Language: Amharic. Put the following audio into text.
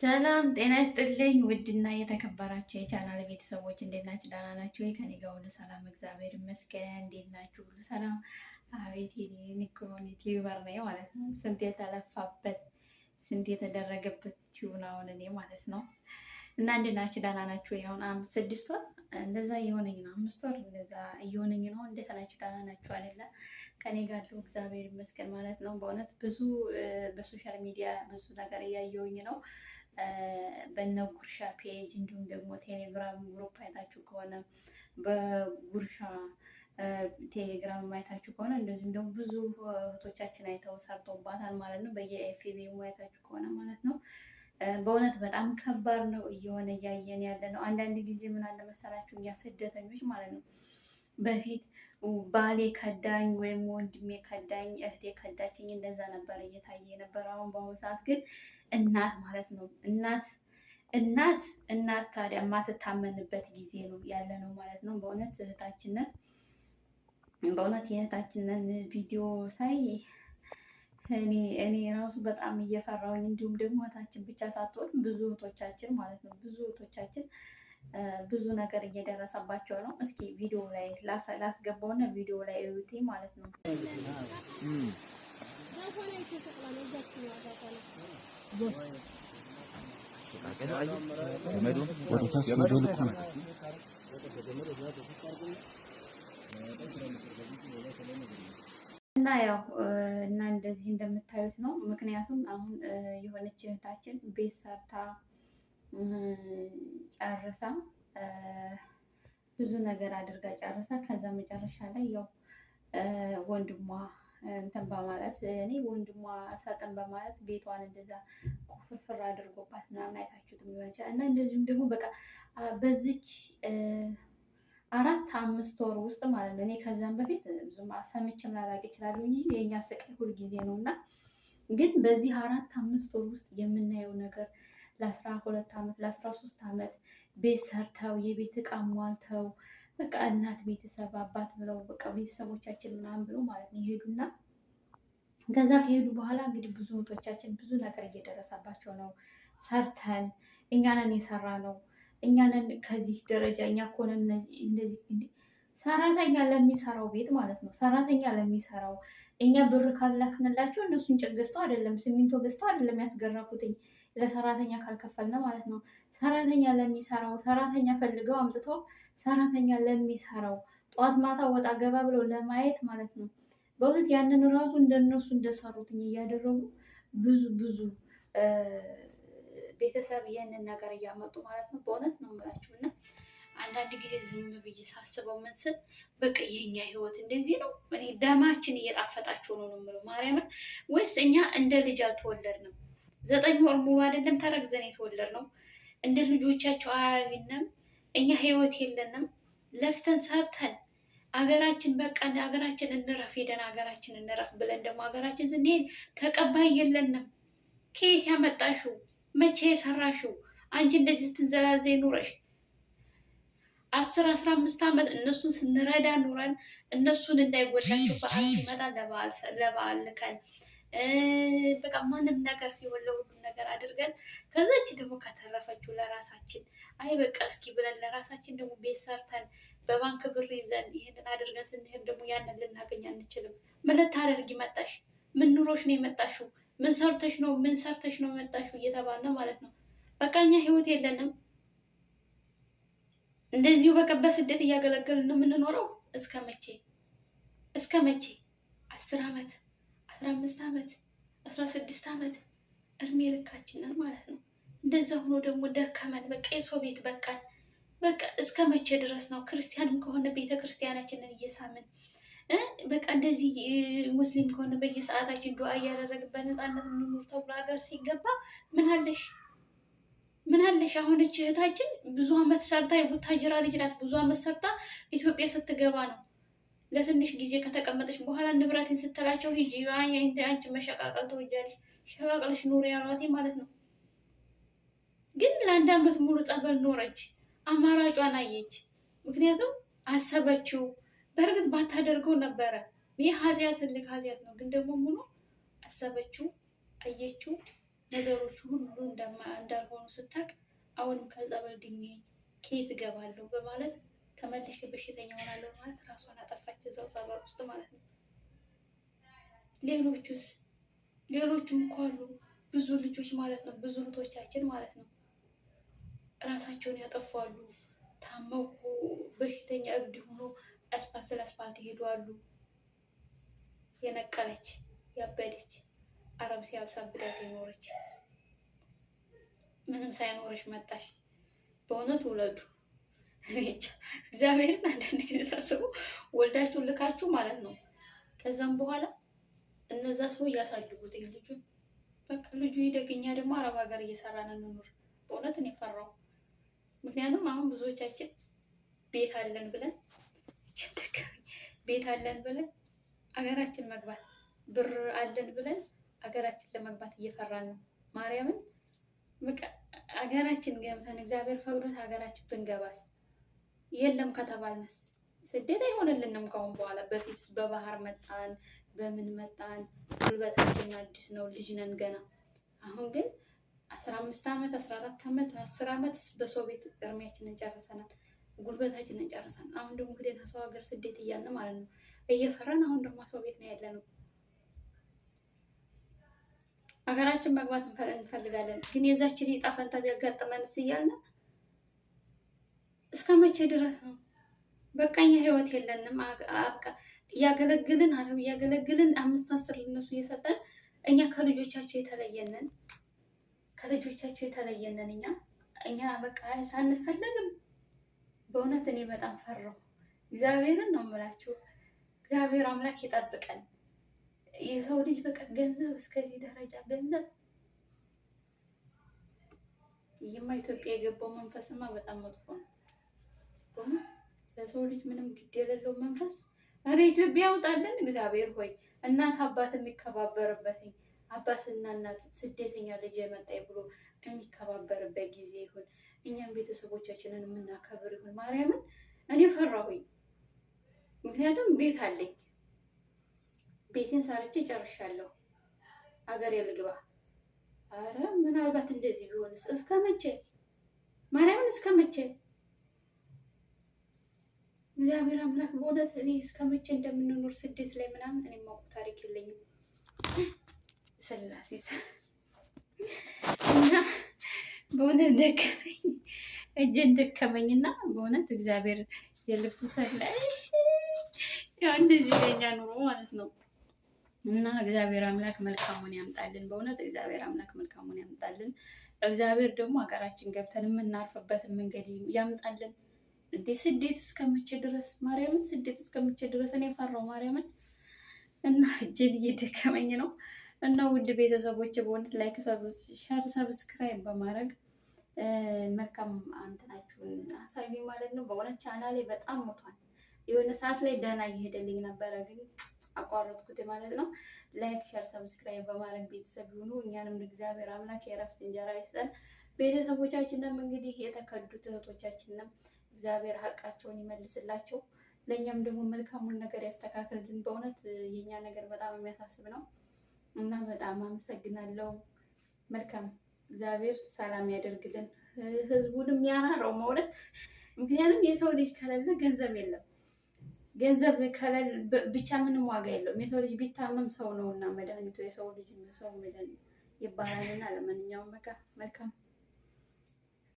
ሰላም ጤና ይስጥልኝ። ውድና የተከበራችሁ የቻናል ቤተሰቦች እንዴት ናችሁ? ደህና ናችሁ ወይ? ከኔ ጋር ሁሉ ሰላም እግዚአብሔር ይመስገን። እንዴት ናችሁ? ሁሉ ሰላም። አቤት ኒኮን ዩቲዩበር ነኝ ማለት ነው። ስንት የተለፋበት ስንት የተደረገበት ቲዩብ አሁን እኔ ማለት ነው። እና እንዴት ናችሁ? ደህና ናችሁ ወይ? አሁን ስድስት ወር እንደዛ እየሆነኝ ነው። አምስት ወር እንደዛ እየሆነኝ ነው። እንዴት ናችሁ? ደህና ናችሁ አይደለ? ከኔ ጋር ያለው እግዚአብሔር ይመስገን ማለት ነው። በእውነት ብዙ በሶሻል ሚዲያ ብዙ ነገር እያየውኝ ነው በነ ጉርሻ ፔጅ እንዲሁም ደግሞ ቴሌግራም ግሩፕ አይታችሁ ከሆነ በጉርሻ ቴሌግራም አይታችሁ ከሆነ እንደዚሁም ደግሞ ብዙ እህቶቻችን አይተው ሰርተውባታል ማለት ነው። በየኤፍቢ አይታችሁ ከሆነ ማለት ነው። በእውነት በጣም ከባድ ነው እየሆነ እያየን ያለ ነው። አንዳንድ ጊዜ ምን አለ መሰላችሁ እኛ ስደተኞች ማለት ነው በፊት ባሌ ከዳኝ ወይም ወንድሜ ከዳኝ፣ እህቴ ከዳችኝ እንደዛ ነበር እየታየ ነበር። አሁን በአሁኑ ሰዓት ግን እናት ማለት ነው። እናት እናት እናት ታዲያ የማትታመንበት ጊዜ ነው ያለ ነው ማለት ነው። በእውነት እህታችንን በእውነት የእህታችንን ቪዲዮ ሳይ እኔ እኔ ራሱ በጣም እየፈራውኝ እንዲሁም ደግሞ እህታችን ብቻ ሳትሆን ብዙ እህቶቻችን ማለት ነው ብዙ እህቶቻችን ብዙ ነገር እየደረሰባቸው ነው። እስኪ ቪዲዮ ላይ ላስገባውና ቪዲዮ ላይ እዩት ማለት ነው። ወደ እና ያው እና እንደዚህ እንደምታዩት ነው። ምክንያቱም አሁን የሆነች እህታችን ቤት ሰርታ ጨርሳ ብዙ ነገር አድርጋ ጨርሳ ከዛ መጨረሻ ላይ ያው ወንድሟ እንትን በማለት እኔ ወንድሟ ሳጥን በማለት ቤቷን እንደዛ ቁፍርፍር አድርጎባት ምናምን አይታችሁትም ሊሆን ይችላል። እና እንደዚሁም ደግሞ በቃ በዚች አራት አምስት ወር ውስጥ ማለት ነው። እኔ ከዚያም በፊት ብዙም ሰምቼም ላላቅ ይችላሉ እንጂ የእኛ ስቃይ ሁልጊዜ ነው እና ግን በዚህ አራት አምስት ወር ውስጥ የምናየው ነገር ለአስራ ሁለት ዓመት ለአስራ ሶስት ዓመት ቤት ሰርተው የቤት እቃ ሟልተው በቃ እናት ቤተሰብ አባት ብለው በቃ ቤተሰቦቻችን ምናምን ብሎ ማለት ነው ይሄዱና ከዛ ከሄዱ በኋላ እንግዲህ ብዙ እህቶቻችን ብዙ ነገር እየደረሰባቸው ነው። ሰርተን እኛንን የሰራ ነው እኛንን ከዚህ ደረጃ እኛ ኮነ እንደዚህ ሰራተኛ ለሚሰራው ቤት ማለት ነው ሰራተኛ ለሚሰራው እኛ ብር ካላክንላቸው እነሱን ጭ ገዝተው አይደለም ሲሚንቶ ገዝተው አይደለም ያስገረፉትኝ ለሰራተኛ ካልከፈልነ ማለት ነው። ሰራተኛ ለሚሰራው ሰራተኛ ፈልገው አምጥተው ሰራተኛ ለሚሰራው ጠዋት ማታ ወጣ ገባ ብለው ለማየት ማለት ነው። በእውነት ያንን ራሱ እንደነሱ እንደሰሩት እያደረጉ ብዙ ብዙ ቤተሰብ ይህንን ነገር እያመጡ ማለት ነው። በእውነት ነው የምላችሁ እና አንዳንድ ጊዜ ዝም ብዬ ሳስበው ምን ስል በቃ የኛ ህይወት እንደዚህ ነው። እኔ ደማችን እየጣፈጣችሁ ነው ነው የምለው ማርያምን። ወይስ እኛ እንደ ልጅ አልተወለድንም? ዘጠኝ ወር ሙሉ አይደለም ተረግዘን የተወለድ ነው። እንደ ልጆቻቸው አያዩንም። እኛ ህይወት የለንም። ለፍተን ሰርተን አገራችን በቃ አገራችን እንረፍ፣ ሄደን አገራችን እንረፍ ብለን ደግሞ አገራችን ስንሄድ ተቀባይ የለንም። ከየት ያመጣሽው? መቼ የሰራሽው? አንቺ እንደዚህ ስትንዘላዘይ ኑረሽ አስር አስራ አምስት አመት እነሱን ስንረዳ ኑረን እነሱን እንዳይጎዳቸው በዓል ሲመጣ ለበዓል ልከን በቃ ማንም ነገር ሲሆን ለሁሉም ነገር አድርገን ከዛች ደግሞ ከተረፈችው ለራሳችን አይ በቃ እስኪ ብለን ለራሳችን ደግሞ ቤት ሰርተን በባንክ ብር ይዘን ይህንን አድርገን ስንሄድ ደግሞ ያንን ልናገኝ አንችልም። ምን ልታደርጊ መጣሽ? ምን ኑሮሽ ነው የመጣሽው? ምን ሰርተሽ ነው ምን ሰርተሽ ነው የመጣሽው እየተባለ ማለት ነው። በቃ እኛ ህይወት የለንም እንደዚሁ በቃ በስደት እያገለገልን ነው የምንኖረው። እስከ መቼ እስከ መቼ አስር አመት አስራ አምስት ዓመት አስራ ስድስት ዓመት እድሜ ልካችንን ማለት ነው። እንደዛ ሆኖ ደግሞ ደከመን፣ በቃ የሰው ቤት በቃን። በቃ እስከ መቼ ድረስ ነው? ክርስቲያንም ከሆነ ቤተ ክርስቲያናችንን እየሳምን በቃ እንደዚህ ሙስሊም ከሆነ በየሰዓታችን ዱዓ እያደረግን በነፃነት የምንኖር ተብሎ ሀገር ሲገባ ምን አለሽ ምን አለሽ አሁን እህታችን ብዙ አመት ሰርታ የቡታጅራ ልጅ ናት። ብዙ አመት ሰርታ ኢትዮጵያ ስትገባ ነው ለትንሽ ጊዜ ከተቀመጠች በኋላ ንብረትን ስትላቸው ሂጂ አንቺ መሸቃቀል ተወጃለሽ፣ ሸቃቅለሽ ኑሪ ያሏት ማለት ነው። ግን ለአንድ አመት ሙሉ ጸበል ኖረች፣ አማራጯን አየች። ምክንያቱም አሰበችው። በእርግጥ ባታደርገው ነበረ። ይህ ኃጢአት ትልቅ ኃጢአት ነው። ግን ደግሞ ሙሉ አሰበችው፣ አየችው። ነገሮቹ ሁሉ እንዳልሆኑ ስታቅ አሁንም ከጸበል ድኜ ከየት እገባለሁ በማለት መልሼ በሽተኛ ሆናለሁ ማለት ራሷን አጠፋች እዛው ሰፈር ውስጥ ማለት ነው። ሌሎቹስ ሌሎቹ እንኳ አሉ ብዙ ልጆች ማለት ነው ብዙ እህቶቻችን ማለት ነው ራሳቸውን ያጠፋሉ። ታመው በሽተኛ እብድ ሆኖ አስፋልት ለአስፋልት ይሄዳሉ። የነቀለች ያበደች አረብ ሲያሳብዳት የኖረች ምንም ሳይኖረች መጣሽ። በእውነት ውለዱ። እግዚአብሔርን አንዳንድ ጊዜ ሳስበው ወልዳችሁ ልካችሁ ማለት ነው። ከዛም በኋላ እነዛ ሰው እያሳድጉት ልጁ በቃ ልጁ ይደግኛ ደግሞ አረብ ሀገር እየሰራን እንኑር። በእውነት እኔ ፈራው። ምክንያቱም አሁን ብዙዎቻችን ቤት አለን ብለን ቤት አለን ብለን አገራችን መግባት ብር አለን ብለን አገራችን ለመግባት እየፈራን ነው። ማርያምን አገራችን ገብተን እግዚአብሔር ፈቅዶት ሀገራችን ብንገባስ የለም ከተባልነስ ስደት አይሆንልንም። ከአሁን በኋላ በፊት በባህር መጣን፣ በምን መጣን፣ ጉልበታችን አዲስ ነው፣ ልጅ ነን ገና። አሁን ግን አስራ አምስት ዓመት አስራ አራት ዓመት አስር ዓመት በሰው ቤት እድሜያችንን ጨርሰናል፣ ጉልበታችንን ጨርሰናል። አሁን ደግሞ ግዴታ ሰው ሀገር ስደት እያለ ማለት ነው እየፈራን፣ አሁን ደግሞ ሰው ቤት ነው ያለነው። ሀገራችን መግባት እንፈልጋለን፣ ግን የዛችን የጣፈንታ ቢያጋጥመንስ እያልን እስከ መቼ ድረስ ነው? በቃኛ ህይወት የለንም። አብቃ። እያገለግልን አረብ እያገለግልን አምስት አስር ልነሱ እየሰጠን እኛ ከልጆቻቸው የተለየንን ከልጆቻቸው የተለየንን እኛ እኛ በቃ አንፈለግም። በእውነት እኔ በጣም ፈራሁ። እግዚአብሔርን ነው የምላችሁ። እግዚአብሔር አምላክ ይጠብቀን። የሰው ልጅ በቃ ገንዘብ እስከዚህ ደረጃ ገንዘብ ይህማ ኢትዮጵያ የገባው መንፈስማ በጣም መጥፎ ነው። በእውነት ለሰው ልጅ ምንም ግድ የሌለው መንፈስ እረ ኢትዮጵያ ያውጣልን እግዚአብሔር ሆይ። እናት አባት የሚከባበርበትኝ አባትና እናት ስደተኛ ልጅ የመጣ ብሎ የሚከባበርበት ጊዜ ይሁን። እኛም ቤተሰቦቻችንን የምናከብር ይሁን። ማርያምን እኔ ፈራሁኝ። ምክንያቱም ቤት አለኝ። ቤቴን ሰርቼ ጨርሻለሁ። አገሬ ልግባ። አረ ምናልባት እንደዚህ ቢሆንስ? እስከ መቼ ማርያምን እስከ መቼ? እግዚአብሔር አምላክ በእውነት እኔ እስከ መቼ እንደምንኖር ስደት ላይ ምናምን እኔ ማውቅ ታሪክ የለኝም። ስላሴ እና በእውነት ደከመኝ፣ እጄን ደከመኝ እና በእውነት እግዚአብሔር የልብስ ሰላይ ላይ ያው እንደዚህ ለኛ ኑሮ ማለት ነው እና እግዚአብሔር አምላክ መልካሙን ያምጣልን። በእውነት እግዚአብሔር አምላክ መልካሙን ያምጣልን። እግዚአብሔር ደግሞ ሀገራችን ገብተን የምናርፍበትን መንገድ ያምጣልን። እንዴ ስደት እስከመቼ ድረስ ማርያምን፣ ስደት እስከመቼ ድረስ እኔ ፈራው ማርያምን እና እጄን እየደከመኝ ነው። እና ውድ ቤተሰቦች በእውነት ላይክ፣ ሸር፣ ሰብስክራይብ በማድረግ መልካም አንትናችሁን አሳቢ ማለት ነው። በእውነት ቻናሌ በጣም ሞቷል። የሆነ ሰዓት ላይ ደህና እየሄደልኝ ነበረ፣ ግን አቋረጥኩት ማለት ነው። ላይክ፣ ሸር፣ ሰብስክራይብ በማድረግ ቤተሰብ ይሁኑ። እኛንም እግዚአብሔር አምላክ የረፍት እንጀራ ይስጠን። ቤተሰቦቻችንም እንግዲህ የተከዱት እህቶቻችንም እግዚአብሔር ሀቃቸውን ይመልስላቸው። ለእኛም ደግሞ መልካሙን ነገር ያስተካክልልን። በእውነት የእኛ ነገር በጣም የሚያሳስብ ነው እና በጣም አመሰግናለሁ። መልካም እግዚአብሔር ሰላም ያደርግልን፣ ህዝቡንም ያራራው ማለት ምክንያቱም የሰው ልጅ ከሌለ ገንዘብ የለም። ገንዘብ ከሌለ ብቻ ምንም ዋጋ የለውም። የሰው ልጅ ቢታመም ሰው ነው እና መድኃኒቱ የሰው ልጅ ሰው መድኃኒት ይባላልና ለማንኛውም መልካም